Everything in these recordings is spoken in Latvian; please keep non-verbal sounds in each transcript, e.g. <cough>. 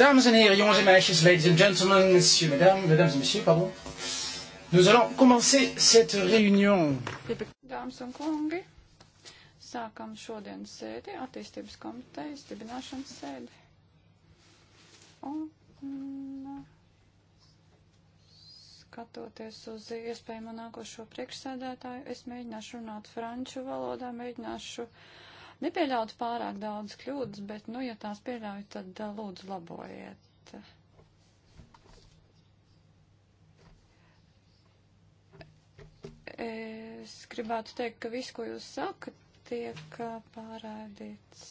Dames en heren, jongens en meisjes, ladies and gentlemen, messieurs, mesdames, mesdames et messieurs, pardon. Nous allons commencer cette réunion. Dāmas un kungi, sākam šodienas sēdi, attīstības komitejas dibināšanas sēdi. Un mm, skatoties uz iespējamo nākošo priekšsēdētāju, es mēģināšu runāt franču valodā, mēģināšu uh, Nepieļaut pārāk daudz kļūdas, bet, nu, ja tās pieļauj, tad lūdzu labojiet. Es gribētu teikt, ka viss, ko jūs sakat, tiek pārādīts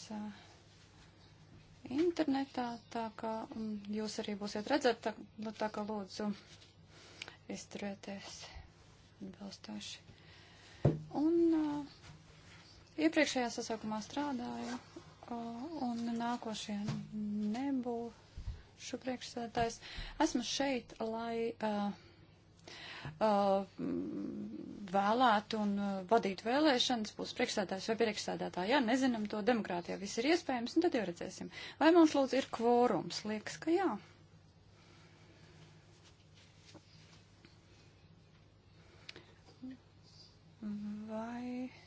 internetā, tā kā jūs arī būsiet redzēt, tā, nu, tā kā lūdzu izturieties atbilstoši. Un uh, Iepriekšējā sasaukumā strādāju, un nākošajā nebūšu priekšsēdētājs. Esmu šeit, lai uh, uh, vēlētu un vadītu vēlēšanas, būs priekšsēdētājs vai priekšsēdētāja. Jā, nezinam to demokrātijā, viss ir iespējams, un tad jau redzēsim. Vai mums lūdzu ir kvorums? Liekas, ka jā. Vai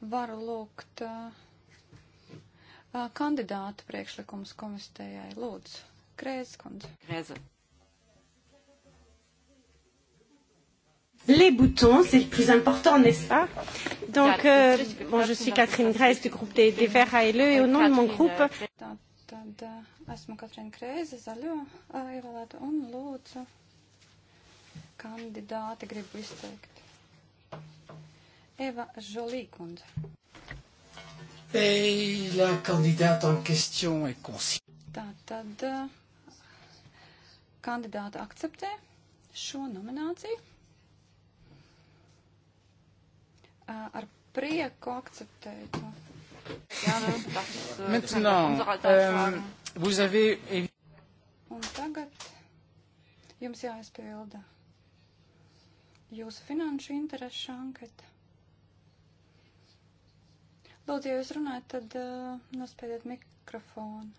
varu lūgt kandidātu priekšlikums komisijai. Lūdzu, Krēzes kundze. Krēze. Les boutons, c'est le plus important, n'est-ce pas Donc, euh, bon, je suis Catherine Grèce du groupe des, des Verts ALE et au nom de mon groupe. Euh, tad esmu Katrina Krēze, zaļo ievēlēta un lūdzu kandidāti gribu izteikt. Eva Jolīkund. Ei, la kandidāta en question est consciente. Tā tad eh, kandidāta akceptē šo nomināciju. Eh, ar prieku akceptēju to. Jā, nu, tas, eh, Maintenant, euh, vous avez... Un tagad jums jāizpilda jūsu finanšu interešu anketa. Lūdzu, ja jūs runājat, tad uh, eh, nospēdiet mikrofonu.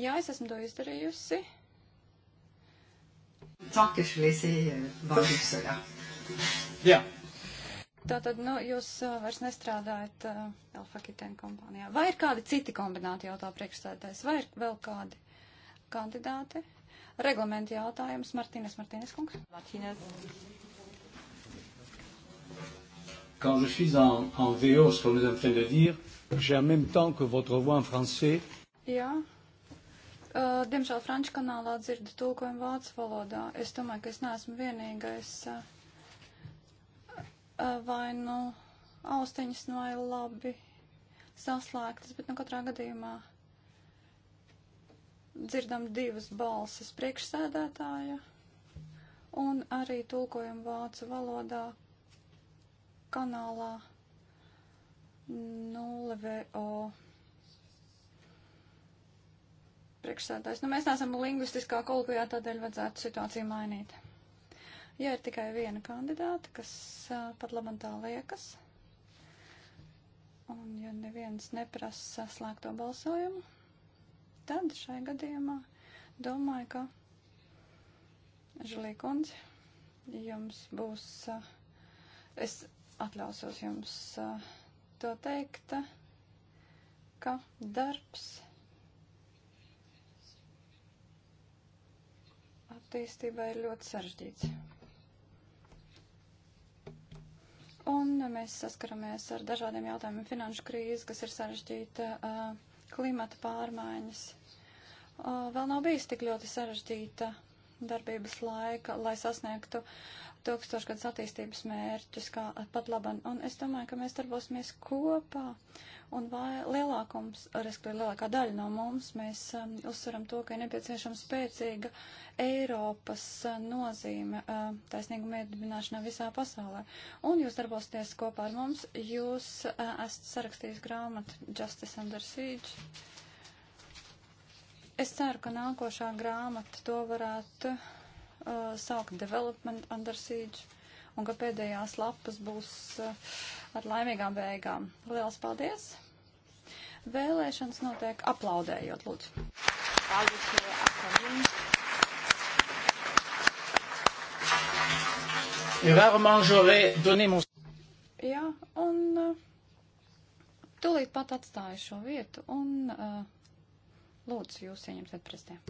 Jā, es esmu to izdarījusi. Tā, ka šlīsī valdības eh, sarā. Jā. Tātad, nu, jūs uh, vairs nestrādājat uh, Alfa Kitēna kompānijā. Vai ir kādi citi kombināti jautā priekšstādājs? Vai ir vēl kādi kandidāti? Reglamenti jautājums. Martīnes, Martīnes kungs. Martīnes quand je suis en, en VO, ce qu'on est en train de dire, j'ai en même temps que votre voix en français. Jā. Uh, diemžēl franču kanālā dzirdu tulkojumu vācu valodā. Es domāju, ka es neesmu vienīgais uh, uh, vai nu austiņas nu vai labi saslēgtas, bet nu katrā gadījumā dzirdam divas balsis priekšsēdētāja un arī tulkojumu vācu valodā, kanālā 0VO priekšsēdājs. Nu, mēs neesam lingvistiskā kolokvijā, tādēļ vajadzētu situāciju mainīt. Ja ir tikai viena kandidāta, kas uh, pat labam tā liekas, un ja neviens neprasa slēgto balsojumu, tad šai gadījumā domāju, ka Žilīkundze jums būs. Uh, es atļausos jums eh, to teikt, ka darbs attīstībā ir ļoti sarežģīts. Un mēs saskaramies ar dažādiem jautājumiem - finanšu krīze, kas ir sarežģīta, eh, klimata pārmaiņas. Eh, vēl nav bijis tik ļoti sarežģīta darbības laika, lai sasniegtu uh, tūkstošgads attīstības mērķus, kā pat laban. Un es domāju, ka mēs darbosimies kopā. Un vai lielākums, respektīvi lielākā daļa no mums, mēs um, uzsveram to, ka ir nepieciešama spēcīga Eiropas uh, nozīme uh, taisnīguma iedibināšanā visā pasaulē. Un jūs darbosieties kopā ar mums, jūs uh, esat sarakstījis grāmatu Justice Under Siege. Es ceru, ka nākošā grāmata to varētu. Uh, uh, saukt Development Under Siege un ka pēdējās lapas būs uh, ar laimīgām beigām. Lielas paldies! Vēlēšanas notiek aplaudējot, lūdzu. Jā, un uh, tūlīt pat atstāju šo vietu un uh, lūdzu jūs ieņemsiet prezidē.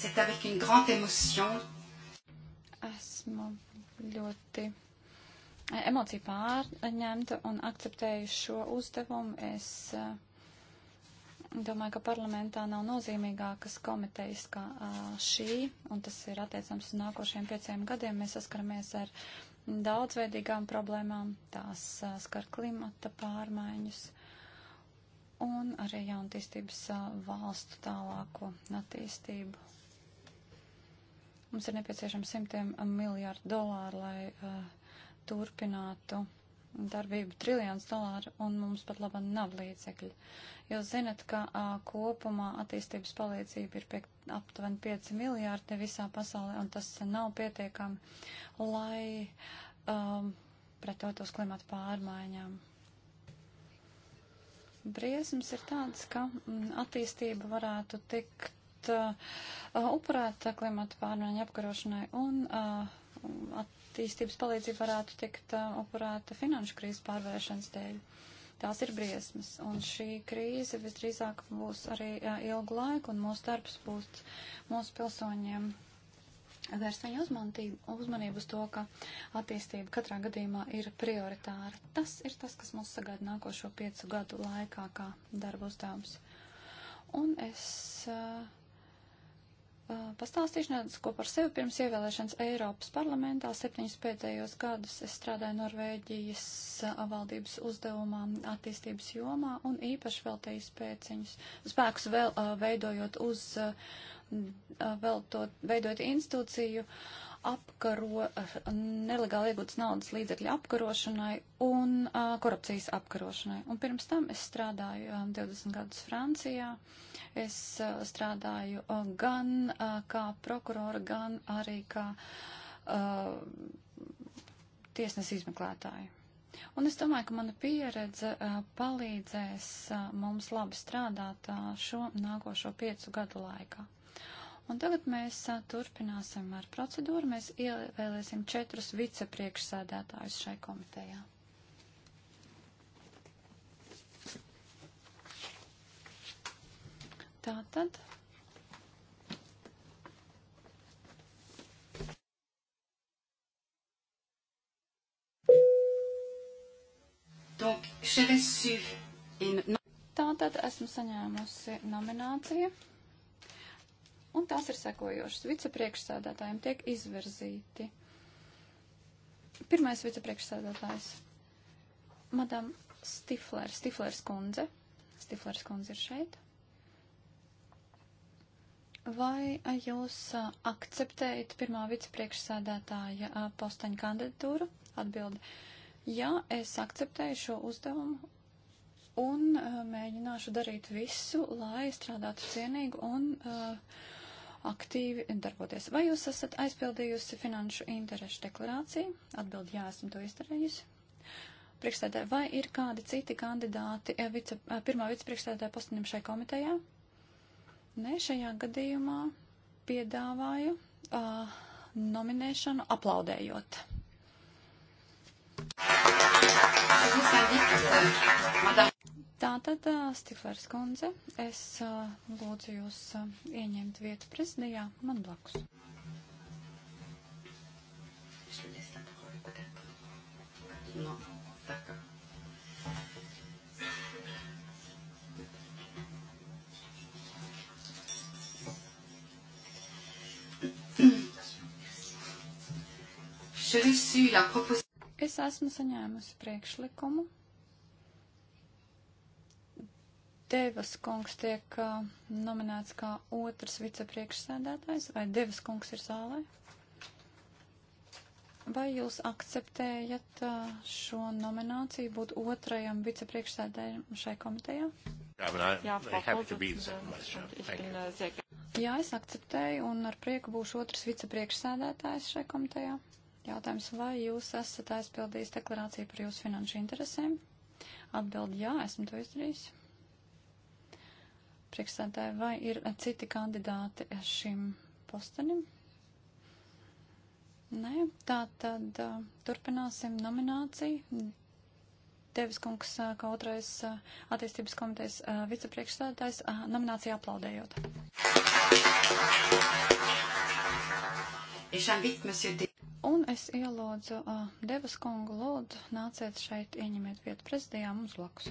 C'est avec une grande émotion. Esmu ļoti eh, emociju pārņemta un akceptēju šo uzdevumu. Es uh, domāju, ka parlamentā nav nozīmīgākas komitejas kā eh, šī, un tas ir attiecams uz nākošiem pieciem gadiem. Mēs saskaramies ar daudzveidīgām problēmām, tās skar klimata pārmaiņas un arī jauntīstības valstu tālāko attīstību. Mums ir nepieciešams simtiem miljārdu dolāru, lai uh, turpinātu darbību triljons dolāru, un mums pat laba nav līdzekļi. Jūs zinat, ka uh, kopumā attīstības palīdzība ir pie, aptuveni 5 miljārdi visā pasaulē, un tas nav pietiekami, lai um, pretotos klimata pārmaiņām. Briesmas ir tādas, ka attīstība varētu tikt Uh, uh, upurēta uh, klimata pārmaiņu apkarošanai un attīstības palīdzība varētu tikt upurēta finanšu krīzes pārvēršanas dēļ. Tās ir briesmas, un šī krīze visdrīzāk būs arī ilgu laiku, un mūsu darbs būs mūsu pilsoņiem vērst viņu uzmanību, uzmanību uz to, ka attīstība katrā gadījumā ir prioritāra. Tas ir tas, kas mūs sagaida nākošo piecu gadu laikā kā darba uzdevums. Un es uh, Pastāstīšu nedaudz ko par sevi. Pirms ievēlēšanas Eiropas parlamentā septiņus pēdējos gadus es strādāju Norvēģijas valdības uzdevumā attīstības jomā un īpaši veltīju spēciņus, spēkus vēl, veidojot uz, vēl to, veidojot institūciju uh, apkaro, eh, nelegāli iegūtas naudas līdzekļu apkarošanai un uh, korupcijas apkarošanai. Un pirms tam es strādāju um, eh, 20 gadus Francijā. Es uh, strādāju uh, gan uh, kā prokurora, gan arī kā uh, tiesnes izmeklētāju. Un es domāju, ka mana pieredze uh, palīdzēs uh, mums labi strādāt uh, šo nākošo piecu gadu laikā. Un tagad mēs a, turpināsim ar procedūru. Mēs ievēlēsim četrus vicepriekšsēdētājus šai komitejā. Tātad. Donc, j'ai reçu une... Tātad esmu saņēmusi nomināciju. Un tās ir sekojošas. Vicepriekšsēdētājiem tiek izvirzīti. Pirmais vicepriekšsēdētājs - Madam Stifler, Stiflers kundze. Stiflers kundze ir šeit. Vai jūs akceptējat pirmā vicepriekšsēdētāja postaņu kandidatūru? Atbildi. Jā, es akceptēju šo uzdevumu un mēģināšu darīt visu, lai strādātu cienīgi un uh, aktīvi darboties. Vai jūs esat aizpildījusi finanšu interešu deklarāciju? Atbildi, jā, esmu to izdarījusi. Priekšstādē, vai ir kādi citi kandidāti eh, vice, eh, pirmā vicepriekšstādē postanim šai komitejā? Nē, šajā gadījumā piedāvāju uh, nominēšanu aplaudējot. Madame. Tātad, Stiflers kundze, es lūdzu jūs ieņemt vietu prezidijā man blakus. No, tā kā. Es esmu saņēmusi priekšlikumu Devas kungs tiek uh, nominēts kā otrs vicepriekšsēdētājs, vai Devas kungs ir zālē? Vai jūs akceptējat uh, šo nomināciju būt otrajam vicepriekšsēdētājam šai komitejā? Jā, Jā, es akceptēju un ar prieku būšu otrs vicepriekšsēdētājs šai komitejā. Jautājums, vai jūs esat aizpildījis deklarāciju par jūsu finanšu interesēm? Atbildi jā, esmu to izdarījis priekšsēdētāji, vai ir citi kandidāti šim postenim? Nē, tā tad uh, turpināsim nomināciju. Tevis kungs, uh, kā otrais uh, attīstības komitejas uh, vicepriekšstādātājs, uh, nominācija aplaudējot. Un es ielūdzu uh, Devas kungu, lūdzu, nāciet šeit, ieņemiet vietu prezidijā mums blakus.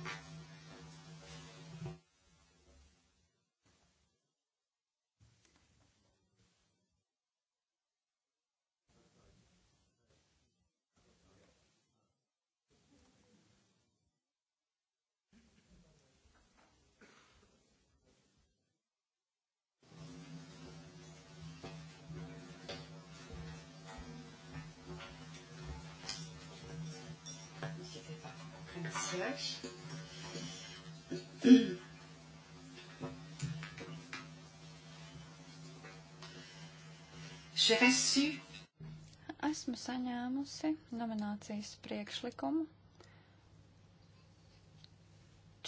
Esmu saņēmusi nominācijas priekšlikumu.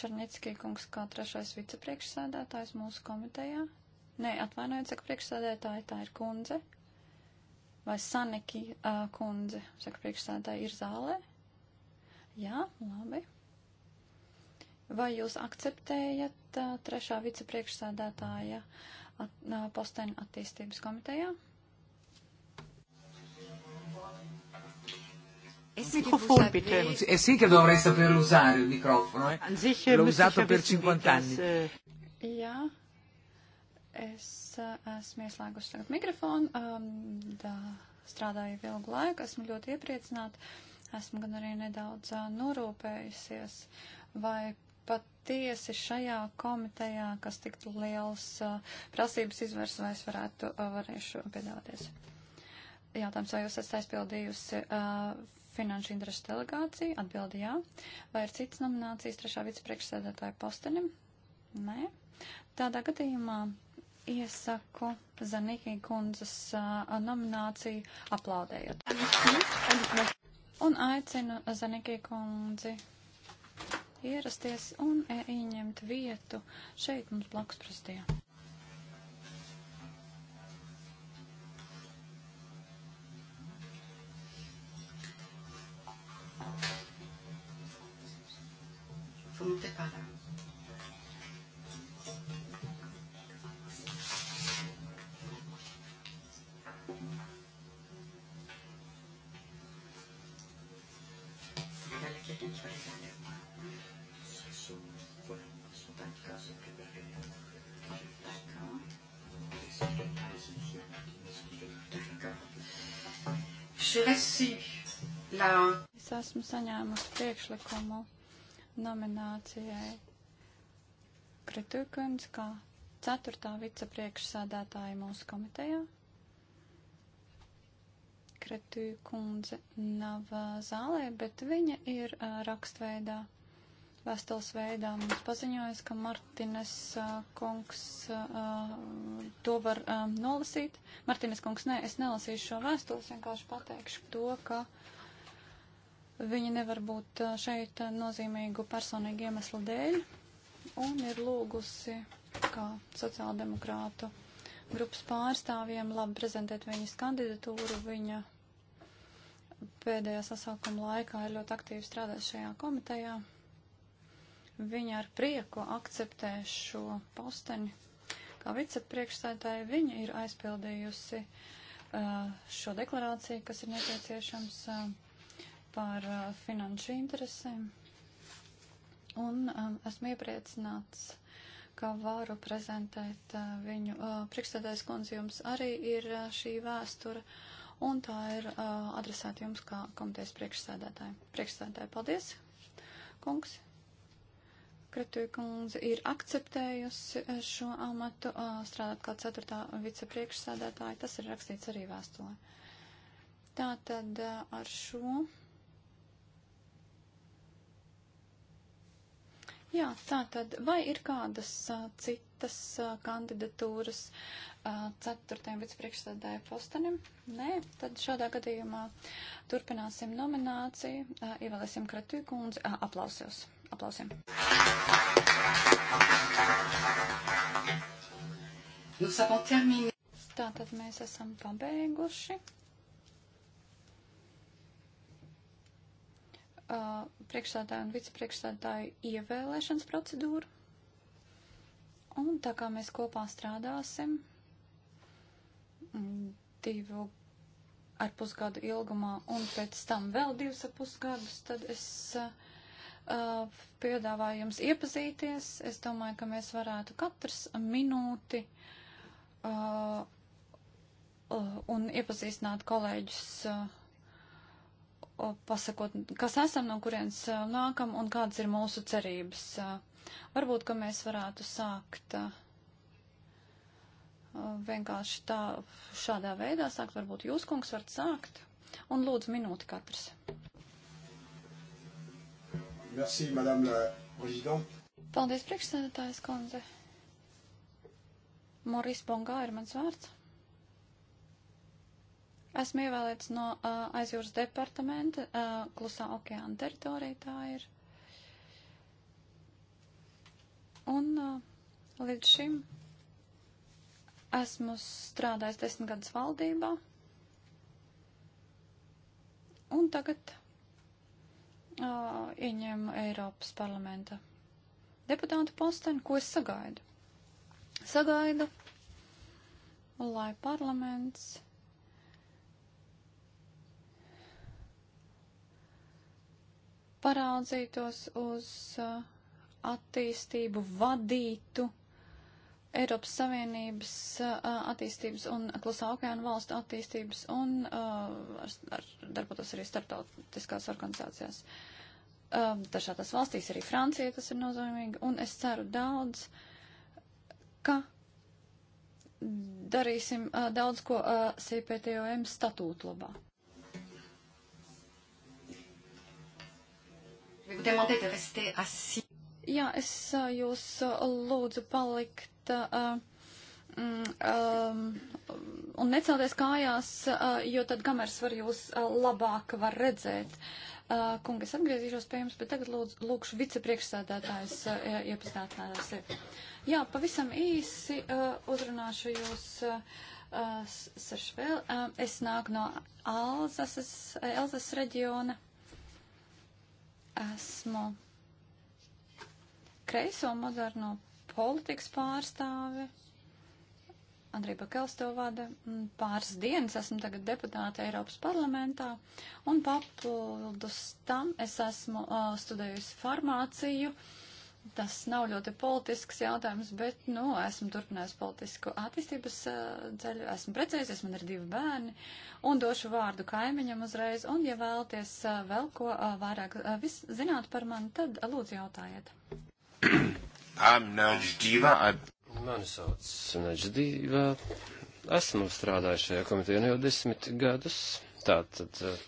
Černickī kungs kā trešais vicepriekšsēdētājs mūsu komitejā. Nē, atvainojiet, saka priekšsēdētāji, tā ir kundze. Vai Saniki uh, kundze, saka priekšsēdētāji, ir zālē? Jā, labi. Vai jūs akceptējat uh, trešā vicepriekšsēdētāja at, uh, posteni attīstības komitejā? Il microfono, bitte. Eh sì che dovrei saperlo usare il microfono, eh. L'ho usato per 50 anni. Jā, es esmu ieslēgusi tagad mikrofonu, um, da, strādāju ilgu laiku, esmu ļoti iepriecināta, esmu gan arī nedaudz uh, norūpējusies, vai patiesi šajā komitejā, kas tik liels uh, prasības izvers, vai es varētu, uh, varēšu piedāvāties. Jautājums, vai jūs esat aizpildījusi uh, finanšu interešu delegācija? Atbildi jā. Vai ir citas nominācijas trešā vicepriekšsēdētāja postenim? Nē. Tādā gadījumā iesaku Zanīkī kundzes uh, nomināciju aplaudējot. Un aicinu Zanīkī kundzi ierasties un ieņemt vietu šeit mums blakus prezidijā. Es esmu saņēmusi priekšlikumu nominācijai Kritūkens kā ceturtā vicepriekšsēdētāja mūsu komitejā. Kretī kundze nav zālē, bet viņa ir rakstveidā, vēstules veidā mums paziņojas, ka Martines kungs to var nolasīt. Martines kungs, nē, es nelasīšu šo vēstules, vienkārši pateikšu to, ka viņi nevar būt šeit nozīmīgu personīgu iemeslu dēļ un ir lūgusi kā sociāldemokrātu grupas pārstāvjiem labi prezentēt viņas kandidatūru. Viņa pēdējā sasaukuma laikā ir ļoti aktīvi strādājis šajā komitejā. Viņa ar prieku akceptē šo posteni. Kā vicepriekšsēdētāja viņa ir aizpildījusi uh, šo deklarāciju, kas ir nepieciešams uh, par uh, finanšu interesēm. Un um, esmu iepriecināts, ka varu prezentēt viņu. Priekšsēdētājs kundze jums arī ir šī vēstura un tā ir uh, adresēta jums kā komitejas priekšsēdētāji. Priekšsēdētāji, paldies, kungs. Kretuja kundze ir akceptējusi šo amatu, uh, strādāt kā ceturtā vicepriekšsēdētāja. Tas ir rakstīts arī vēstulē. Tātad uh, ar šo. Jā, tātad, vai ir kādas uh, citas? citas kandidatūras ceturtajam vicepriekšsēdētāju postenim? Nē, tad šādā gadījumā turpināsim nomināciju, ievēlēsim Kratī kundzi, aplausos. Aplausiem. Tātad mēs esam pabeiguši. priekšsēdāju un vicepriekšsēdāju ievēlēšanas procedūru. Un tā kā mēs kopā strādāsim mm, divu ar pusgadu ilgumā un pēc tam vēl divus ar pusgadus, tad es uh, piedāvāju jums iepazīties. Es domāju, ka mēs varētu katrs minūti uh, un iepazīstināt kolēģus. Uh, pasakot, kas esam, no kurienes nākam un kādas ir mūsu cerības Varbūt, ka mēs varētu sākt uh, vienkārši tā, šādā veidā sākt. Varbūt jūs, kungs, varat sākt. Un lūdzu, minūti katrs. Merci, madame la présidente. Paldies, priekšsēdētājs kundze. Moris Bongā ir mans vārds. Esmu ievēlēts no uh, aizjūras departamenta, uh, klusā okeāna teritorija tā ir. Uh, Un uh, līdz šim esmu strādājis desmit gadus valdībā. Un tagad uh, ieņēmu Eiropas parlamenta deputātu posteni, ko es sagaidu. Sagaidu, lai parlaments paraudzītos uz uh, attīstību vadītu Eiropas Savienības attīstības un klusā okeāna valstu attīstības un uh, ar, darbotos arī starptautiskās organizācijās. Um, Dažādās valstīs arī Francija tas ir nozīmīgi, un es ceru daudz, ka darīsim uh, daudz ko uh, CPTOM statūtu labā. Vous demandez de rester assis. Jā, es jūs lūdzu palikt uh, um, un necelties kājās, uh, jo tad kameras var jūs uh, labāk var redzēt. Uh, kungi, es atgriezīšos pie jums, bet tagad lūdzu, lūkšu vicepriekšsēdētājs uh, iepazīstināt ar sevi. Jā, pavisam īsi uh, uzrunāšu jūs. Uh, Saršvēl. Es nāku no Alzasas, Elzas reģiona. Esmu kreiso moderno politikas pārstāve. Andrija Bakels to vada. Pāris dienas esmu tagad deputāte Eiropas parlamentā, un papildus tam es esmu uh, studējusi farmāciju. Tas nav ļoti politisks jautājums, bet, nu, esmu turpinājusi politisku attīstības uh, ceļu, esmu precējusies, man ir divi bērni, un došu vārdu kaimiņam uzreiz, un, ja vēlaties uh, vēl ko uh, vairāk uh, zināt par mani, tad uh, lūdzu jautājiet. <clears throat> I'm Naģdīva. Mani sauc Naģdīva. Esmu strādājis šajā komitejā jau desmit gadus. Tātad eh,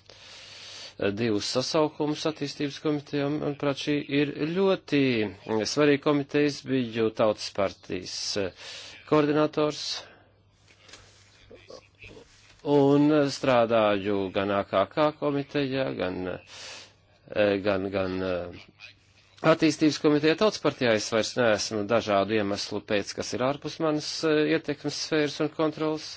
divus sasaukumus attīstības komitejām. Manuprāt, šī ir ļoti svarīga komitejas. Biju tautas partijas eh, koordinators un eh, strādāju gan AKK komitejā, gan, gan, gan attīstības komiteja tautas partijā es vairs neesmu dažādu iemeslu pēc, kas ir ārpus manas eh, ietekmes sfēras un kontrols.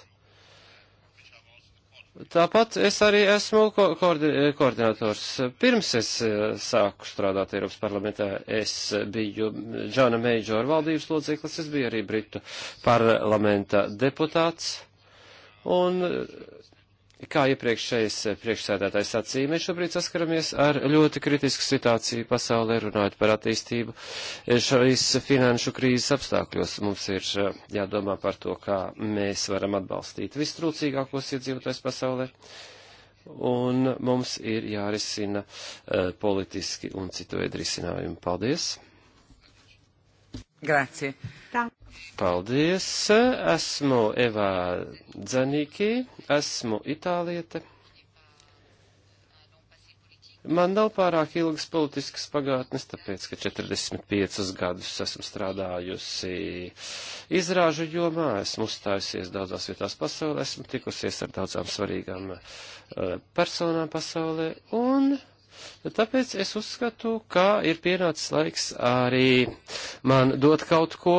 Tāpat es arī esmu ko koordi eh, koordinators. Pirms es eh, sāku strādāt Eiropas parlamentā, es biju Džana Meidžora valdības loceklis, es biju arī Britu parlamenta deputāts. Un kā iepriekšējais eh, priekšsēdētājs sacīja, mēs šobrīd saskaramies ar ļoti kritisku situāciju pasaulē, runājot par attīstību eh, šīs finanšu krīzes apstākļos. Mums ir eh, jādomā par to, kā mēs varam atbalstīt vistrūcīgākos iedzīvotājs pasaulē, un mums ir jārisina politiski un citu veidu risinājumi. Paldies! Grazie. Tā. Paldies! Esmu Eva Dzanīkī, esmu itāliete. Man nav pārāk ilgas politiskas pagātnes, tāpēc, ka 45 gadus esmu strādājusi izrāžu jomā, esmu uzstājusies daudzās vietās pasaulē, esmu tikusies ar daudzām svarīgām eh, personām pasaulē, un Tāpēc es uzskatu, ka ir pienācis laiks arī man dot kaut ko,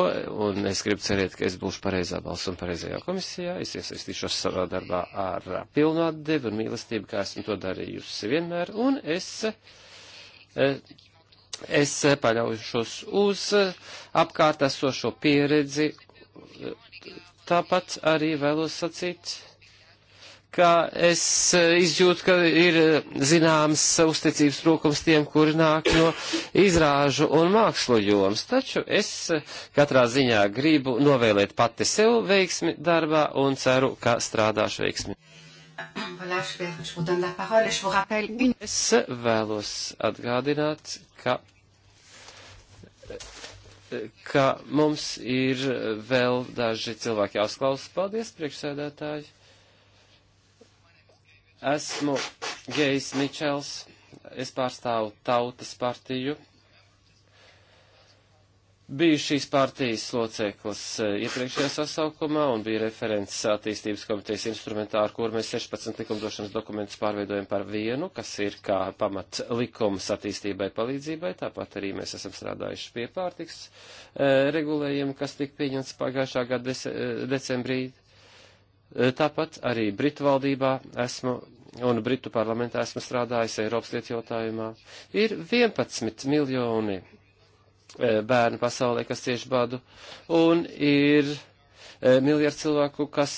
un es gribu cerēt, ka es būšu pareizā balss un pareizajā komisijā. Es iesaistīšos savā darbā ar pilnu atdevi un mīlestību, kā esmu to darījusi vienmēr, un es. Es paļaušos uz apkārt esošo pieredzi. Tāpat arī vēlos sacīt, ka es eh, izjūtu, ka ir eh, zināms uzticības trūkums tiem, kuri nāk no izrāžu un mākslu joms. Taču es eh, katrā ziņā gribu novēlēt pati sev veiksmi darbā un ceru, ka strādāšu veiksmi. Es vēlos atgādināt, ka, ka mums ir vēl daži cilvēki jāuzklausa. Paldies, priekšsēdētāji! Esmu Gejs Mičels, es pārstāvu Tautas partiju. Biju šīs partijas loceklis eh, iepriekšējā sasaukumā un bija referents attīstības komitejas instrumentā, ar kur mēs 16 likumdošanas dokumentus pārveidojam par vienu, kas ir kā pamat likums attīstībai palīdzībai. Tāpat arī mēs esam strādājuši pie pārtiks eh, regulējumu, kas tika pieņemts pagājušā gada eh, decembrī E, tāpat arī Britu valdībā esmu un Britu parlamentā esmu strādājis Eiropas lietu jautājumā. Ir 11 miljoni e, bērnu pasaulē, kas cieši badu, un ir e, miljardu cilvēku, kas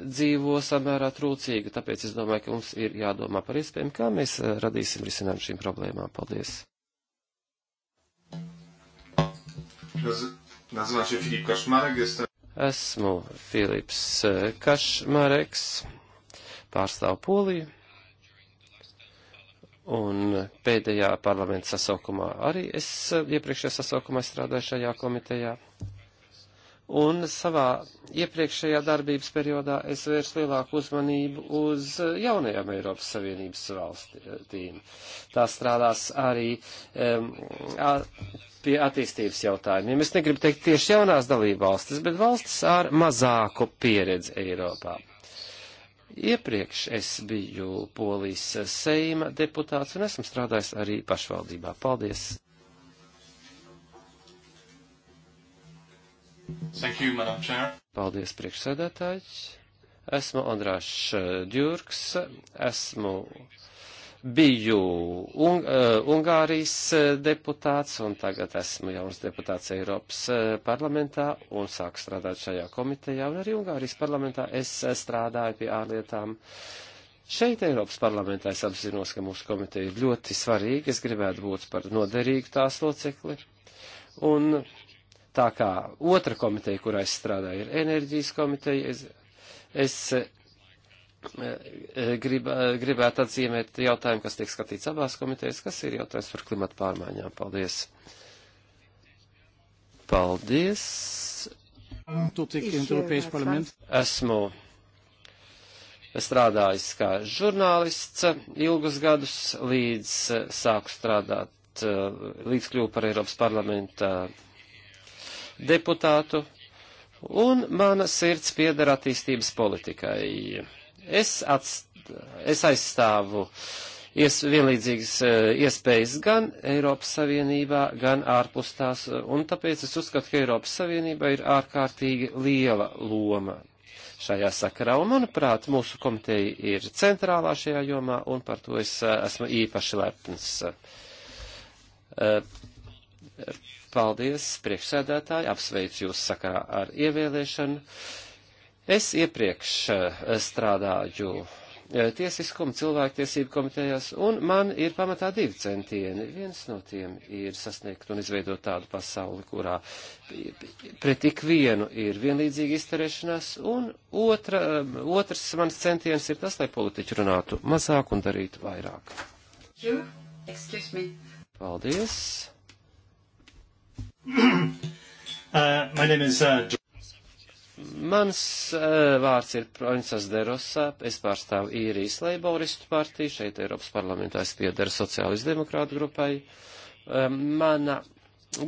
dzīvo samērā trūcīgi. Tāpēc es domāju, ka mums ir jādomā par iespējām, kā mēs radīsim risinājumu šīm problēmām. Paldies! Nazywam się Filip Koszmarek, jestem Esmu Filips eh, Kašmareks, pārstāvu Poliju, un pēdējā parlamenta sasaukumā arī es eh, iepriekšējā sasaukumā strādāju šajā komitejā. Un savā iepriekšējā darbības periodā es vērs lielāku uzmanību uz jaunajām Eiropas Savienības valstīm. Tā strādās arī um, pie attīstības jautājumiem. Es negribu teikt tieši jaunās dalība valstis, bet valstis ar mazāku pieredzi Eiropā. Iepriekš es biju Polijas Seima deputāts un esmu strādājis arī pašvaldībā. Paldies! Thank you, Madam Chair. Paldies, priekšsēdētājs. Esmu Andrāšs Djurks, esmu biju un, uh, Ungārijas eh, deputāts un tagad esmu jauns deputāts Eiropas eh, parlamentā un sāku strādāt šajā komitejā un arī Ungārijas parlamentā es strādāju pie ārlietām. Šeit Eiropas parlamentā es apzinos, ka mūsu komiteja ir ļoti svarīga, es gribētu būt par noderīgu tās locekli. Un tā kā otra komiteja, kurā es strādāju, ir enerģijas komiteja, es, es eh, eh, grib, gribētu atzīmēt jautājumu, kas tiek skatīts abās komitejas, kas ir jautājums par klimatu pārmaiņām. Paldies! Paldies! Esmu strādājis kā žurnālists ilgus gadus, līdz eh, sāku strādāt, līdz kļuvu par Eiropas parlamenta uh, deputātu, un mana sirds piedara attīstības politikai. Es, atst, es aizstāvu ies, vienlīdzīgas eh, iespējas gan Eiropas Savienībā, gan ārpus tās, eh, un tāpēc es uzskatu, ka Eiropas Savienība ir ārkārtīgi liela loma šajā sakarā, un manuprāt, mūsu komiteja ir centrālā šajā jomā, un par to es eh, esmu īpaši lepns. Uh, Paldies, priekšsēdētāji, apsveicu jūs sakarā ar ievēlēšanu. Es iepriekš eh, strādāju eh, tiesiskuma cilvēktiesību komitejās, un man ir pamatā divi centieni. Viens no tiem ir sasniegt un izveidot tādu pasauli, kurā pret ikvienu ir vienlīdzīga izturēšanās, un otra, eh, otrs mans centiens ir tas, lai politiķi runātu mazāk un darītu vairāk. You? Excuse me. Paldies uh, my name is uh, Mans uh, vārds ir Proņsas Derosā, es pārstāvu īrijas leiboristu partiju, šeit Eiropas parlamentā es piederu sociālistu demokrātu grupai. Uh, mana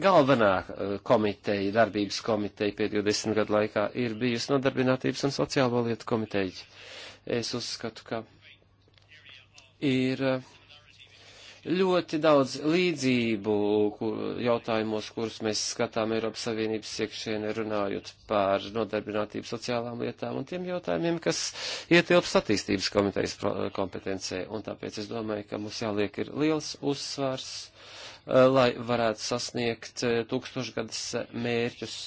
galvenā uh, komiteja, darbības komiteja pēdējo desmit gadu laikā ir bijusi nodarbinātības un sociālo lietu komiteja. Es uzskatu, ka ir. Uh, ļoti daudz līdzību kur, jautājumos, kurus mēs skatām Eiropas Savienības iekšēnē runājot par nodarbinātību sociālām lietām un tiem jautājumiem, kas ietilps attīstības komitejas kompetencē. Un tāpēc es domāju, ka mums jāliek ir liels uzsvars, eh, lai varētu sasniegt eh, tūkstošgadas mērķus.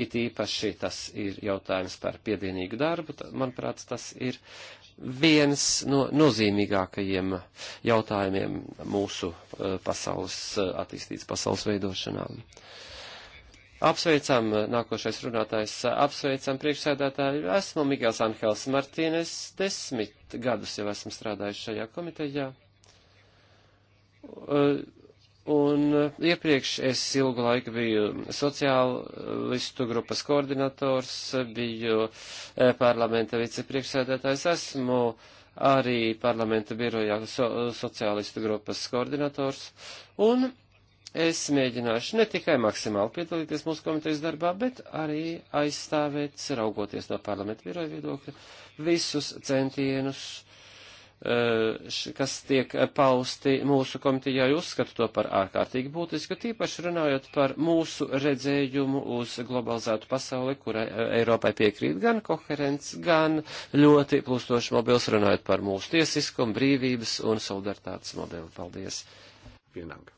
It īpaši tas ir jautājums par piedienīgu darbu, manuprāt, tas ir viens no nozīmīgākajiem jautājumiem mūsu eh, pasaules eh, attīstītas pasaules veidošanā. Apsveicam, eh, nākošais runātājs, apsveicam priekšsēdētāju. Esmu Migels Anhels Martīnes, desmit gadus jau esmu strādājis šajā komitejā. Uh, Un eh, iepriekš es ilgu laiku biju sociālistu grupas koordinators, biju eh, parlamenta vicepriekšsēdētājs, esmu arī parlamenta birojā so, sociālistu grupas koordinators. Un es mēģināšu ne tikai maksimāli piedalīties mūsu komitejas darbā, bet arī aizstāvēt, raugoties no parlamenta biroja viedokļa, visus centienus Eh, kas tiek eh, pausti mūsu komitejā, uzskatu to par ārkārtīgi būtisku, tīpaši runājot par mūsu redzējumu uz globalizētu pasauli, kurai eh, Eiropai piekrīt gan koherents, gan ļoti plūstoši mobils, runājot par mūsu tiesiskumu, brīvības un solidaritātes modeli. Paldies! Pienāk.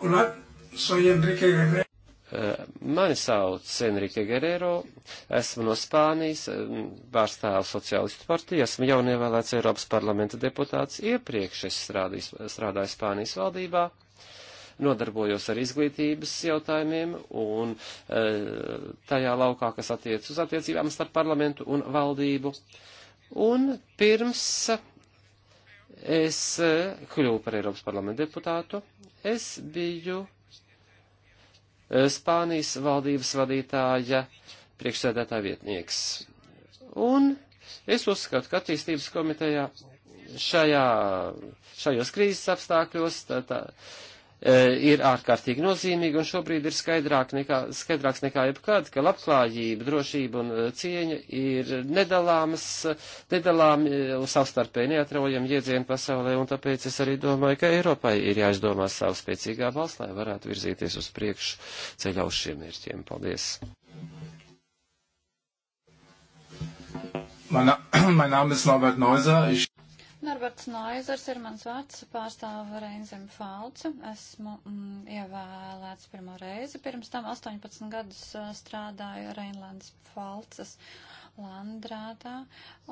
Hola, soy Enrique Guerrero. Eh, mani sauc Enrique Guerrero, esmu no Spānijas, eh, pārstāvu sociālistu partiju, esmu jaunievēlēts Eiropas parlamenta deputāts, iepriekš es strādāju, strādāju Spānijas valdībā, nodarbojos ar izglītības jautājumiem un eh, tajā laukā, kas attiec uz attiecībām starp parlamentu un valdību. Un pirms es kļuvu par Eiropas parlamenta deputātu, es biju Spānijas valdības vadītāja priekšsēdētāja vietnieks. Un es uzskatu, ka attīstības komitejā šajā, šajos krīzes apstākļos tā, tā, E, ir ārkārtīgi nozīmīga un šobrīd ir skaidrāk nekā, skaidrāks nekā jebkad, ka labklājība, drošība un e, cieņa ir nedalāmas, nedalāmi e, savstarpēji neatraujami iedzieni pasaulē, un tāpēc es arī domāju, ka Eiropai ir jāizdomā savu spēcīgā valsts, lai varētu virzīties uz priekšu ceļā uz šiem mērķiem. Paldies! Mein <clears throat> Name ist Norbert Neuser. Ich Norberts Noizers ir mans vārds, pārstāvu Reinzem Falcu. Esmu mm, ievēlēts pirmo reizi. Pirms tam 18 gadus strādāju Reinlands Falcas landrātā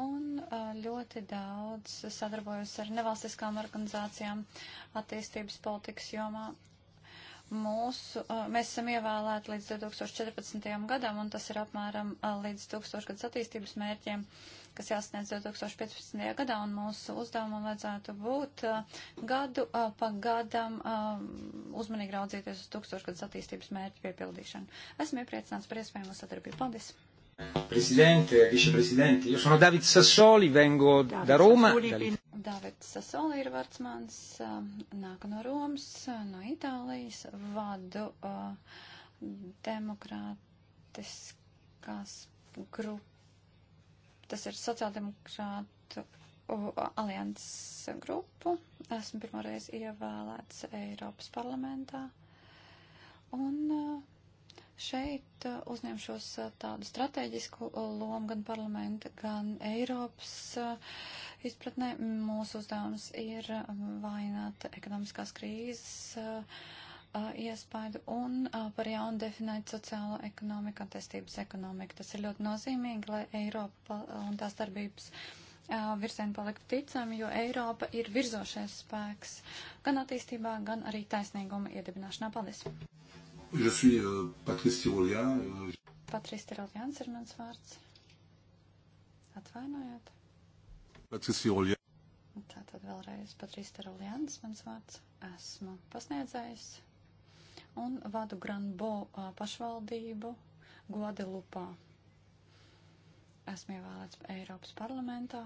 un ļoti daudz sadarbojos ar nevalstiskām organizācijām attīstības politikas jomā. Mūsu, mēs esam ievēlēti līdz 2014. gadam, un tas ir apmēram līdz 1000 gadus attīstības mērķiem. Uh, kas jāsniedz 2015. gadā, un mūsu uzdevumam vajadzētu būt uh, gadu uh, pa gadam uh, uzmanīgi raudzīties uz tūkstošgadus attīstības mērķu piepildīšanu. Esmu iepriecināts par iespējamo sadarbību. Paldies! Presidente, viceprezidente, io sono David Sassoli, vengo David da Roma. Sassoli. David Sassoli ir vārds mans, um, nāk no Romas, no Itālijas, vadu uh, demokrātiskās grupas Tas ir sociāldemokrātu alianses grupu. Esmu pirmoreiz ievēlēts Eiropas parlamentā. Un eh, šeit eh, uzņemšos eh, tādu strateģisku lomu gan parlamenta, gan Eiropas izpratnē. Mūsu uzdevums ir vainot ekonomiskās krīzes uh, iespaidu un uh, par jaunu definēt sociālo ekonomiku, attīstības ekonomiku. Tas ir ļoti nozīmīgi, lai Eiropa un tās darbības uh, virzienu paliktu ticami, jo Eiropa ir virzošais spēks gan attīstībā, gan arī taisnīguma iedibināšanā. Paldies! Je suis euh, Patrice Tirolien. Euh... Patrice Tirolien, ir mans vārds. Atvainojiet. Patrice Tirolien. Tātad vēlreiz Patrice Tiroliens, mans vārds. Esmu pasniedzējis un vadu Granbo pašvaldību Guadelupā. Esmu ievēlēts Eiropas parlamentā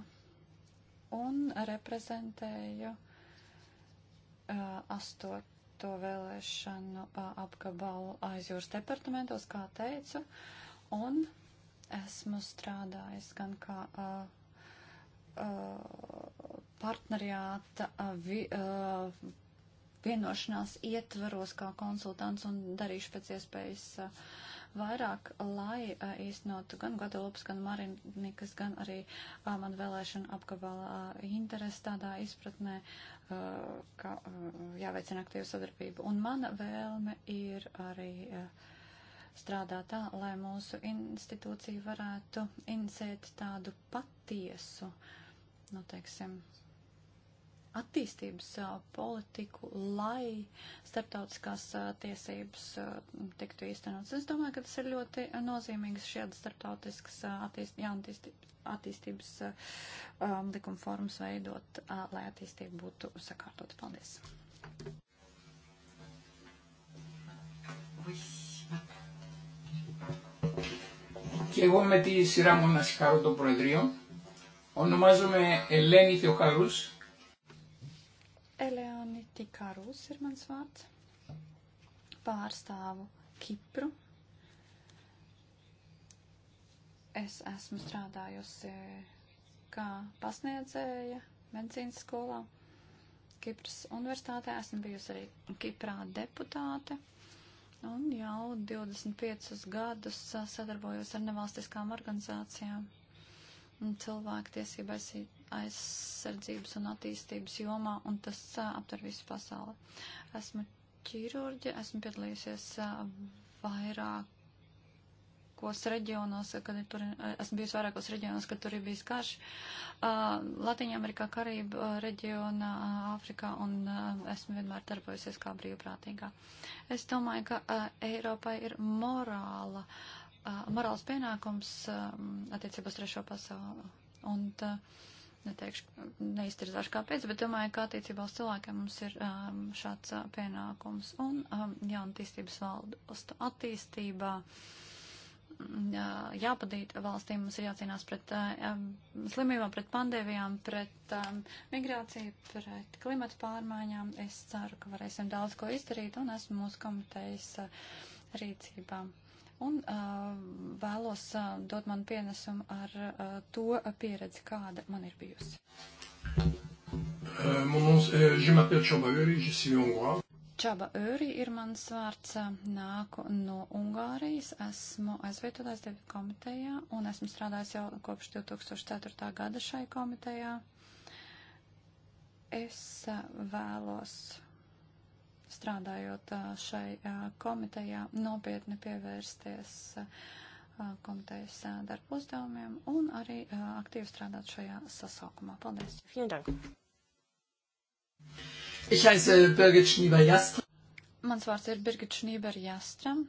un reprezentēju uh, astoto vēlēšanu uh, apgabalu aizjūras departamentos, kā teicu, un esmu strādājis gan kā uh, uh, partneriāta uh, vi, uh, vienošanās ietvaros kā konsultants un darīšu pēc iespējas uh, vairāk, lai uh, īstenotu gan Guadalupas, gan Marinikas, gan arī uh, man vēlēšana apgabala interesi tādā izpratnē, ka jāveicina aktīvu sadarbību. Un mana vēlme ir arī strādā tā, lai mūsu institūcija varētu inicēt tādu patiesu, nu, teiksim, attīstības politiku, lai starptautiskās tiesības tiktu īstenotas. Es domāju, ka tas ir ļoti nozīmīgs šāda starptautiskas attīst, jaunatīstības attīstības um, likuma formas veidot, uh, lai attīstība būtu sakārtot. Paldies! Και εγώ με τη σειρά μου να συγχαρώ τον Προεδρείο. Ονομάζομαι Ελένη Θεοχαρούς Karus ir mans vārds. Pārstāvu Kipru. Es esmu strādājusi eh, kā pasniedzēja medicīnas skolā. Kipras universitātē esmu bijusi arī Kiprā deputāte. Un jau 25 gadus eh, sadarbojos ar nevalstiskām organizācijām un cilvēku tiesība aizsardzības un attīstības jomā, un tas aptver visu pasauli. Esmu ķīrurģe, esmu piedalījusies vairākos reģionos, kad ir tur, esmu bijusi vairākos reģionos, kad tur ir bijis karš. Latīņa Amerikā, Karība reģiona, Āfrikā, un esmu vienmēr darbojusies kā brīvprātīgā. Es domāju, ka Eiropai ir morāla morāls pienākums attiecībā uz trešo pasauli. Un tā, uh, neteikšu, neiztirzāšu kāpēc, bet domāju, ka attiecībā uz cilvēkiem mums ir um, šāds uh, pienākums un um, jaunatīstības valstu attīstībā. Mm, jā, jāpadīt valstīm, mums ir jācīnās pret uh, um, slimībām, pret pandēmijām, pret um, migrāciju, pret klimatu pārmaiņām. Es ceru, ka varēsim daudz ko izdarīt un esmu mūsu komitejas uh, rīcībā un uh, vēlos uh, dot man pienesumu ar uh, to pieredzi, kāda man ir bijusi. Mon nom, je m'appelle Chamba Öri, je suis hongrois. Čaba Öri ir mans vārds, nāku no Ungārijas, esmu aizvietotājs devi komitejā un esmu strādājis jau kopš 2004. gada šai komitejā. Es vēlos strādājot šai komitejā, nopietni pievērsties komitejas darbu uzdevumiem un arī aktīvi strādāt šajā sasaukumā. Paldies! Ich heiße Birgit Schnieber-Jastram. Mans vārds ir Birgit Schnieber-Jastram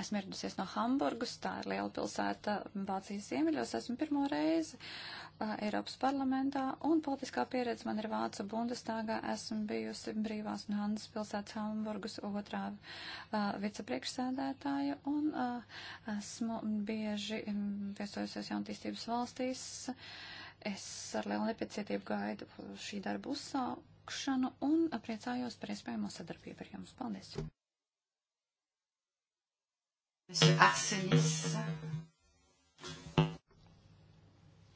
esmu ieradusies no Hamburgas, tā ir liela pilsēta Vācijas ziemeļos, esmu pirmo reizi uh, Eiropas parlamentā, un politiskā pieredze man ir Vācu bundestāgā, esmu bijusi brīvās un Hannes pilsētas Hamburgas otrā uh, vicepriekšsēdētāja, un uh, esmu bieži viesojusies jaunatīstības valstīs. Es ar lielu nepacietību gaidu šī darba uzsākšanu un priecājos par iespējamo sadarbību ar jums. Paldies! Monsieur Arsenis.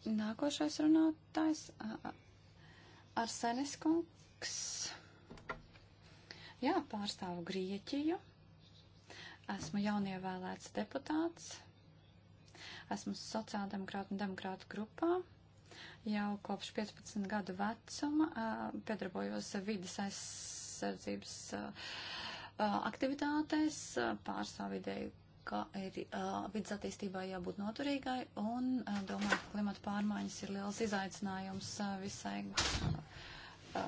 Nākošais runātājs Arsenis Kungs. Jā, pārstāvu Grieķiju. Esmu jaunievēlēts deputāts. Esmu sociāldemokrāta un demokrāta grupā. Jau kopš 15 gadu vecuma uh, piedarbojos vidas aizsardzības uh, aktivitātēs, pārstāvu ideju ka ir uh, vidas attīstībai jābūt noturīgai un uh, domāju, ka klimata pārmaiņas ir liels izaicinājums uh, visai uh,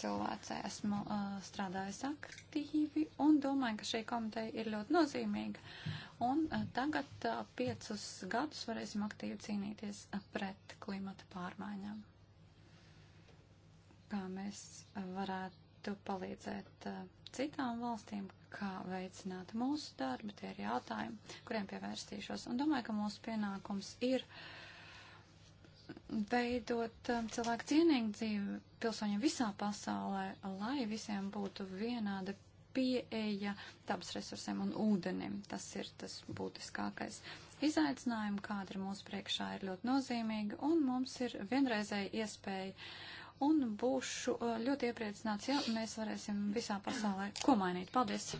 cilvēcei. Esmu uh, strādājis aktīvi un domāju, ka šī komiteja ir ļoti nozīmīga. Un uh, tagad uh, piecus gadus varēsim aktīvi cīnīties uh, pret klimata pārmaiņām. Kā mēs varētu palīdzēt. Uh, citām valstīm, kā veicināt mūsu darbu, tie ir jautājumi, kuriem pievērstīšos. Un domāju, ka mūsu pienākums ir veidot um, cilvēku cienīgu dzīvi pilsoņiem visā pasaulē, lai visiem būtu vienāda pieeja dabas resursiem un ūdenim. Tas ir tas būtiskākais. Izaicinājumi, kāda ir mūsu priekšā, ir ļoti nozīmīgi, un mums ir vienreizēja iespēja un būšu uh, ļoti iepriecināts, ja mēs varēsim visā pasaulē ko mainīt. Paldies!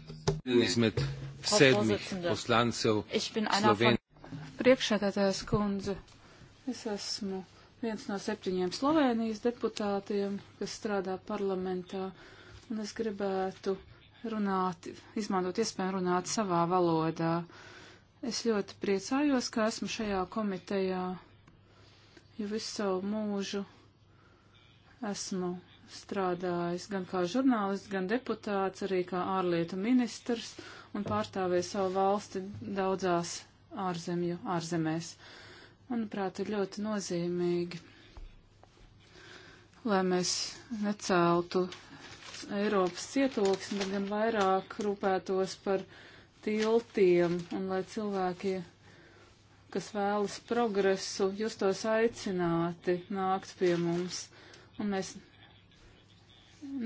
Priekšsēdētājs kundze, es esmu viens no septiņiem Slovenijas deputātiem, kas strādā parlamentā, un es gribētu runāt, izmantot iespēju runāt savā valodā. Es ļoti priecājos, ka esmu šajā komitejā, jo visu savu mūžu Esmu strādājis gan kā žurnālists, gan deputāts, arī kā ārlietu ministrs un pārstāvēju savu valsti daudzās ārzemju ārzemēs. Manuprāt, ir ļoti nozīmīgi, lai mēs neceltu Eiropas cietoksni, bet gan vairāk rūpētos par tiltiem un lai cilvēki, kas vēlas progresu, justos aicināti nākt pie mums un mēs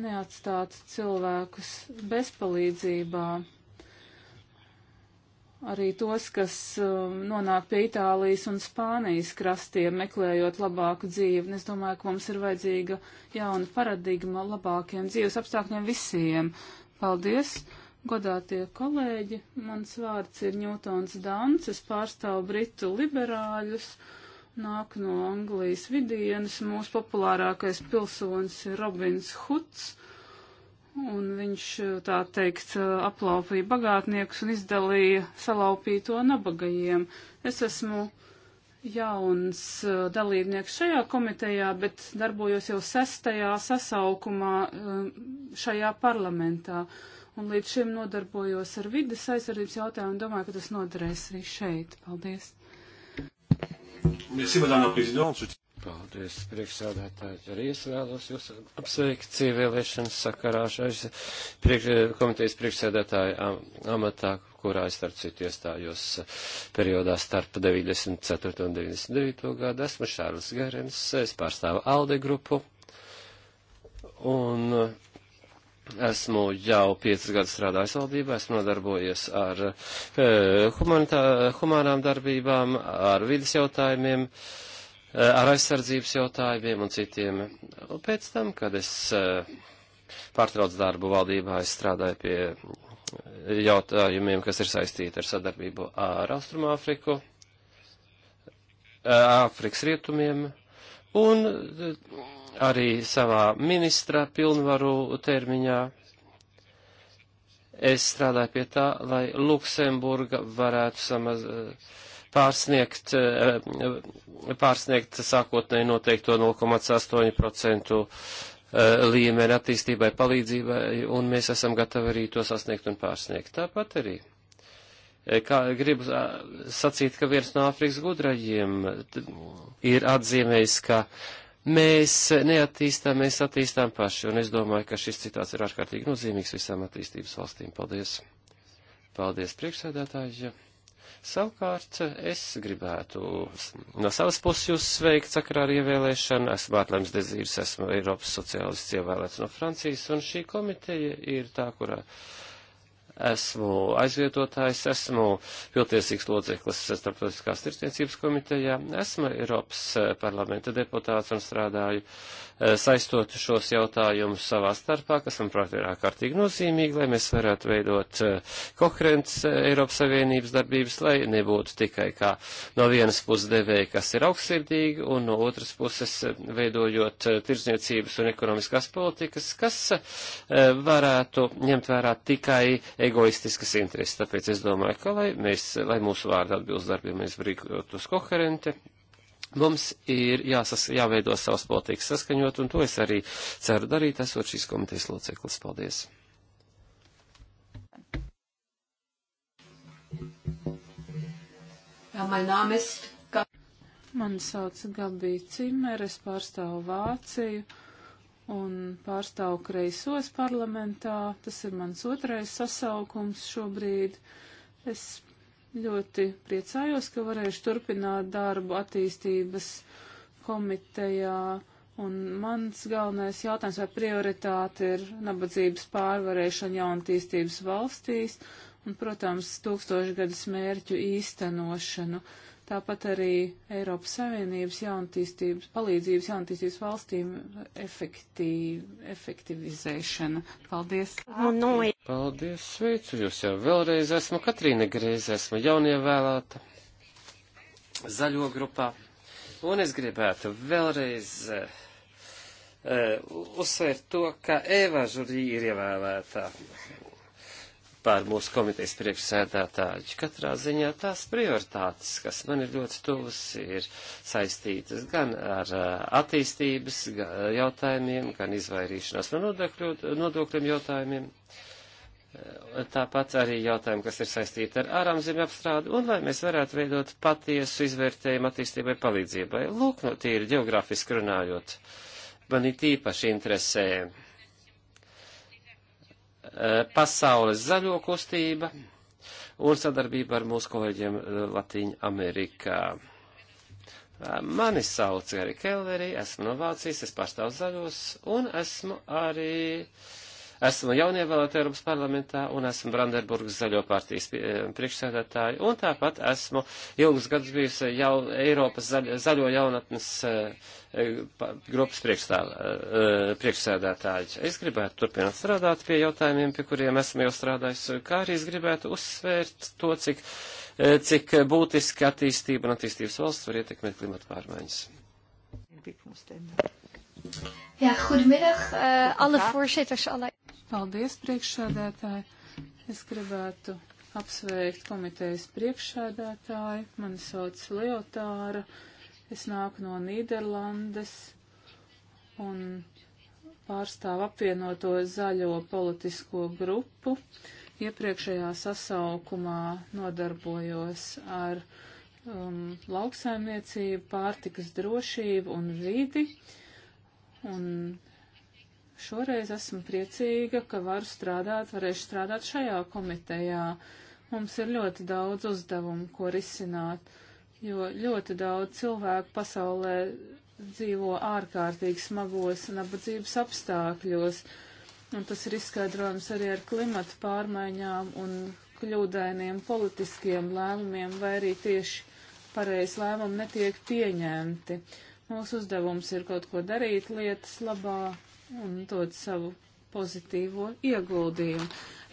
neatstātu cilvēkus bezpalīdzībā. Arī tos, kas um, nonāk pie Itālijas un Spānijas krastiem, meklējot labāku dzīvi. Un es domāju, ka mums ir vajadzīga jauna paradigma labākiem dzīves apstākļiem visiem. Paldies, godātie kolēģi. Mans vārds ir Ņūtons Dants. Es pārstāvu Britu liberāļus. Uh, nāk no Anglijas vidienas. Mūsu populārākais pilsonis ir Robins Huds, un viņš, tā teikt, aplaupīja bagātniekus un izdalīja salaupīto nabagajiem. Es esmu jauns dalībnieks šajā komitejā, bet darbojos jau sestajā sasaukumā šajā parlamentā. Un līdz šim nodarbojos ar vidas aizsardzības jautājumu un domāju, ka tas noderēs arī šeit. Paldies! Paldies, priekšsādātāji. Arī es vēlos jūs apsveikt ievēlēšanas sakarā šais priekš, komitejas priekšsēdētāja amatā, kurā es starp citu iestājos periodā starp 94. un 99. gadu. Esmu Šārls Gerens, es pārstāvu Alde grupu. Un Esmu jau piecas gadus strādājis valdībā, esmu nodarbojies ar e, humanitā, humanām darbībām, ar vidas jautājumiem, e, ar aizsardzības jautājumiem un citiem. Un pēc tam, kad es e, pārtraucu darbu valdībā, es strādāju pie jautājumiem, kas ir saistīti ar sadarbību ar Austrumāfriku, Āfrikas rietumiem un arī savā ministra pilnvaru termiņā. Es strādāju pie tā, lai Luksemburga varētu samaz, pārsniegt, eh, pārsniegt sākotnēji noteikto 0,8% eh, līmeni attīstībai, palīdzībai, un mēs esam gatavi arī to sasniegt un pārsniegt. Tāpat arī eh, kā gribu sacīt, ka viens no Āfrikas gudrajiem ir atzīmējis, ka mēs neattīstām, mēs attīstām paši, un es domāju, ka šis citāts ir ārkārtīgi nozīmīgs visām attīstības valstīm. Paldies! Paldies, priekšsēdētāji! Savukārt, es gribētu no savas puses jūs sveikt sakarā ar ievēlēšanu. Esmu Bārtlēms Dezīrs, esmu Eiropas sociālists ievēlēts no Francijas, un šī komiteja ir tā, kurā esmu aizvietotājs, esmu piltiesīgs lodzeklis starptautiskās tirsniecības komitejā, esmu Eiropas eh, parlamenta deputāts un strādāju Eh, saistot šos jautājumus savā starpā, kas, manuprāt, ir ārkārtīgi nozīmīgi, lai mēs varētu veidot eh, koherents eh, Eiropas Savienības darbības, lai nebūtu tikai kā no vienas puses devēja, kas ir augstsirdīgi, un no otras puses veidojot tirzniecības un ekonomiskās politikas, kas varētu ņemt vērā tikai egoistiskas intereses. Tāpēc es domāju, ka lai, mēs, lai mūsu vārdi atbilst darbiem, mēs brīkotos koherenti Mums ir jāsas, jāveido savas politikas saskaņot, un to es arī ceru darīt, esot šīs komitejas loceklis. Paldies! Mani sauc Gabija Cimer, es pārstāvu Vāciju un pārstāvu kreisos parlamentā. Tas ir mans otrais sasaukums šobrīd. Es Ļoti priecājos, ka varēšu turpināt darbu attīstības komitejā. Un mans galvenais jautājums vai prioritāte ir nabadzības pārvarēšana jaunatīstības valstīs un, protams, tūkstošgadus mērķu īstenošanu tāpat arī Eiropas Savienības jaunatīstības, palīdzības jaunatīstības valstīm efektīv, efektivizēšana. Paldies! Nu, nu, nu. Paldies, sveicu jūs jau vēlreiz, esmu Katrīna Grēze, esmu jaunievēlēta zaļo grupā, un es gribētu vēlreiz uh, uzsvērt to, ka Eva Žurī ir ievēlēta par mūsu komitejas priekšsēdētāju. Katrā ziņā tās prioritātes, kas man ir ļoti tuvas, ir saistītas gan ar attīstības jautājumiem, gan izvairīšanās no nodokļu, nodokļiem jautājumiem. Tāpat arī jautājumi, kas ir saistīti ar ārāmzīmju apstrādi, un lai mēs varētu veidot patiesu izvērtējumu attīstībai palīdzībai. Lūk, no nu, tīri geogrāfiski runājot, man ir tīpaši interesē Eh, pasaules zaļo kustība un sadarbība ar mūsu kolēģiem eh, Latīņa Amerikā. Eh, mani sauc Gary Kelleri, esmu no Vācijas, es pārstāvu zaļos un esmu arī uh, Esmu jaunievēlēta Eiropas parlamentā un esmu Brandenburgas zaļo partijas eh, priekšsēdētāja un tāpat esmu ilgus gadus bijusi jau Eiropas zaļo, zaļo jaunatnes eh, eh, grupas priekšsēdētāja. Es gribētu turpināt strādāt pie jautājumiem, pie kuriem esmu jau strādājis, kā arī es gribētu uzsvērt to, cik, cik būtiski attīstība un attīstības valsts var ietekmēt klimata pārmaiņas. Ja, goedemiddag uh, alle voorzitters. Alle... Paldies, priekšsēdētāji. Es gribētu apsveikt komitejas priekšsēdētāju. Mani sauc Leotāra. Es nāku no Nīderlandes un pārstāvu apvienoto zaļo politisko grupu. Iepriekšējā sasaukumā nodarbojos ar um, lauksaimniecību, pārtikas drošību un vidi. Un Šoreiz esmu priecīga, ka varu strādāt, varēšu strādāt šajā komitejā. Mums ir ļoti daudz uzdevumu, ko risināt, jo ļoti daudz cilvēku pasaulē dzīvo ārkārtīgi smagos nabadzības apstākļos, un tas ir izskaidrojams arī ar klimatu pārmaiņām un kļūdainiem politiskiem lēmumiem, vai arī tieši pareizi lēmumi netiek pieņemti. Mūsu uzdevums ir kaut ko darīt lietas labā, un dod savu pozitīvo ieguldījumu.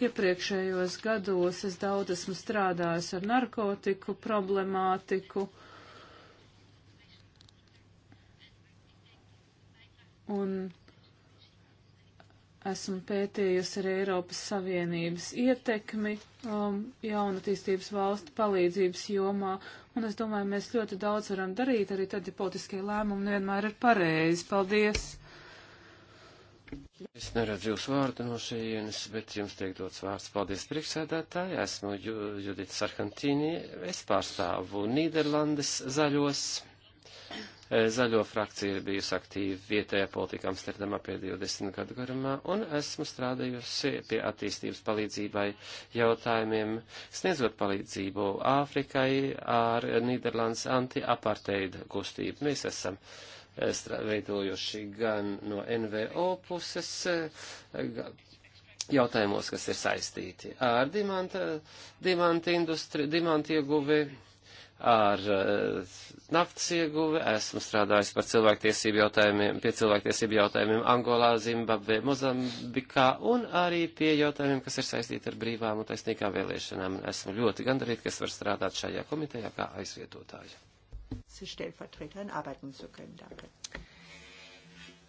Iepriekšējos gados es daudz esmu strādājis ar narkotiku problemātiku. Un esmu pētījusi arī Eiropas Savienības ietekmi um, jaunatīstības valstu palīdzības jomā, un es domāju, mēs ļoti daudz varam darīt, arī tad, ja politiskie lēmumi nevienmēr ir pareizi. Paldies! Es neredzu jūsu vārdu no šejienes, bet jums tiek dots vārds. Paldies, priekšsēdētāji. Esmu Judita Sarkantīni. Es pārstāvu Nīderlandes zaļos. Eh, zaļo frakcija ir bijusi aktīva vietējā politika Amsterdamā pēdējo desmit gadu garumā, un esmu strādājusi pie attīstības palīdzībai jautājumiem, sniedzot palīdzību Āfrikai ar Nīderlandes anti-aparteida kustību. Mēs esam uh, veidojuši gan no NVO puses, eh, jautājumos, kas ir saistīti ar dimanta, dimanta industriju, dimanta ieguvi, ar eh, naftas ieguvi, esmu strādājis par cilvēktiesību jautājumiem, pie cilvēktiesību jautājumiem Angolā, Zimbabvē, Mozambikā un arī pie jautājumiem, kas ir saistīti ar brīvām un taisnīgām vēlēšanām. Esmu ļoti gandarīt, kas var strādāt šajā komitejā kā aizvietotāju. Stellvertretern arbeiten zu können. Danke.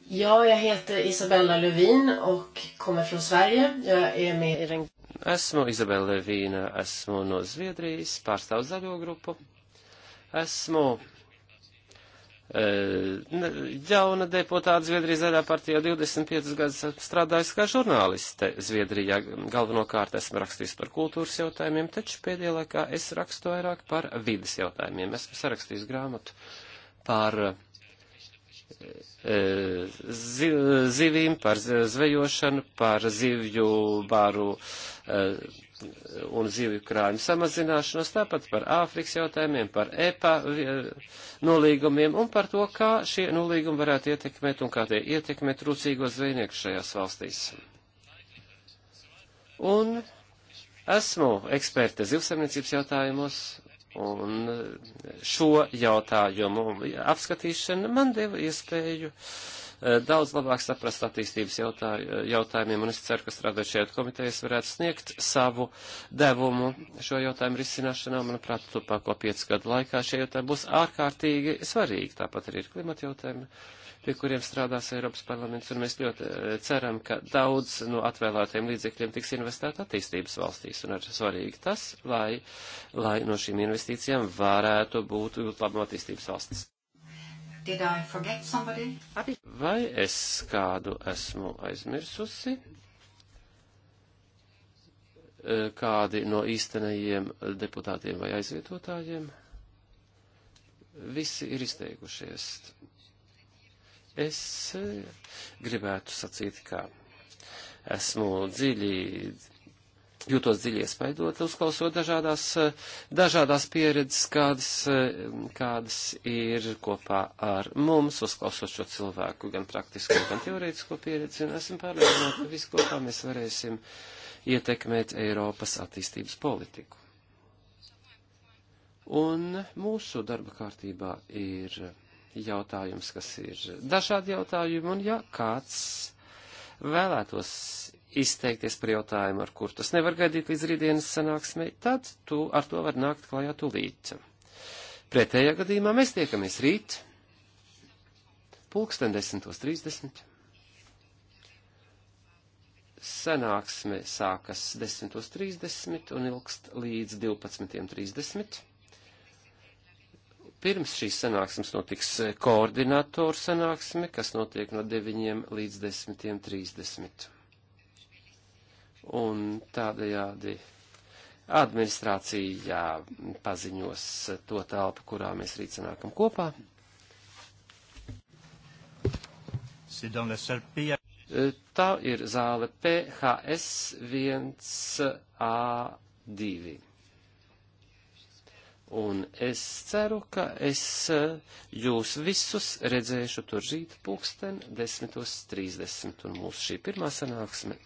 Ja, jag heter Isabella Lövin och kommer från Sverige. Jag är med i den... Esmu Isabella Lövina, esmu no Zviedrijas, pārstāvu zaļo grupu. Esmu jauna deputāta Zviedrijas zaļā partijā 25 gadus strādājusi kā žurnāliste Zviedrijā. Galvenokārt esmu rakstījis par kultūras jautājumiem, taču pēdējā laikā es rakstu vairāk par vidas jautājumiem. Esmu sarakstījis grāmatu par uh, zivīm, par zvejošanu, par zivju baru e, un zivju krājumu samazināšanos, tāpat par Āfrikas jautājumiem, par EPA e, nolīgumiem un par to, kā šie nolīgumi varētu ietekmēt un kā tie ietekmē trūcīgos zvejniekus šajās valstīs. Un esmu eksperte zivsaimniecības jautājumos Un eh, šo jautājumu apskatīšana man deva iespēju eh, daudz labāk saprast attīstības eh, jautājumiem, un es ceru, ka strādājot šajā komitejā, es varētu sniegt savu devumu šo jautājumu risināšanā. Manuprāt, turpāko piecu gadu laikā šie jautājumi būs ārkārtīgi svarīgi. Tāpat arī ir klimata jautājumi pie kuriem strādās Eiropas parlaments, un mēs ļoti eh, ceram, ka daudz no atvēlētajiem līdzekļiem tiks investēt attīstības valstīs, un ir svarīgi tas, lai, lai no šīm investīcijām varētu būt labu attīstības valstis. Vai es kādu esmu aizmirsusi? Eh, kādi no īstenajiem deputātiem vai aizvietotājiem? Visi ir izteikušies. Es eh, gribētu sacīt, ka esmu dziļi jūtos dziļi iespaidot, uzklausot dažādās, eh, dažādās pieredzes, kādas, eh, kādas ir kopā ar mums, uzklausot šo cilvēku gan praktisko, gan teorētisko pieredzi, un esmu pārliecināti, ka visi kopā mēs varēsim ietekmēt Eiropas attīstības politiku. Un mūsu darba kārtībā ir jautājums, kas ir dažādi jautājumi, un ja kāds vēlētos izteikties par jautājumu, ar kur tas nevar gaidīt līdz rītdienas sanāksmei, tad tu ar to var nākt klajā tūlīt. Pretējā gadījumā mēs tiekamies rīt, pulksten 10.30. Sanāksme sākas 10.30 un ilgst līdz 12.30. Pirms šīs sanāksmes notiks eh, koordinātoru sanāksme, kas notiek no 9 līdz 10.30. Un tādējādi administrācija paziņos to telpu, kurā mēs rīt sanākam kopā. Eh, tā ir zāle PHS 1A2 un es ceru, ka es eh, jūs visus redzēšu tur rīt pulksten 10.30, un mūsu šī pirmā sanāksme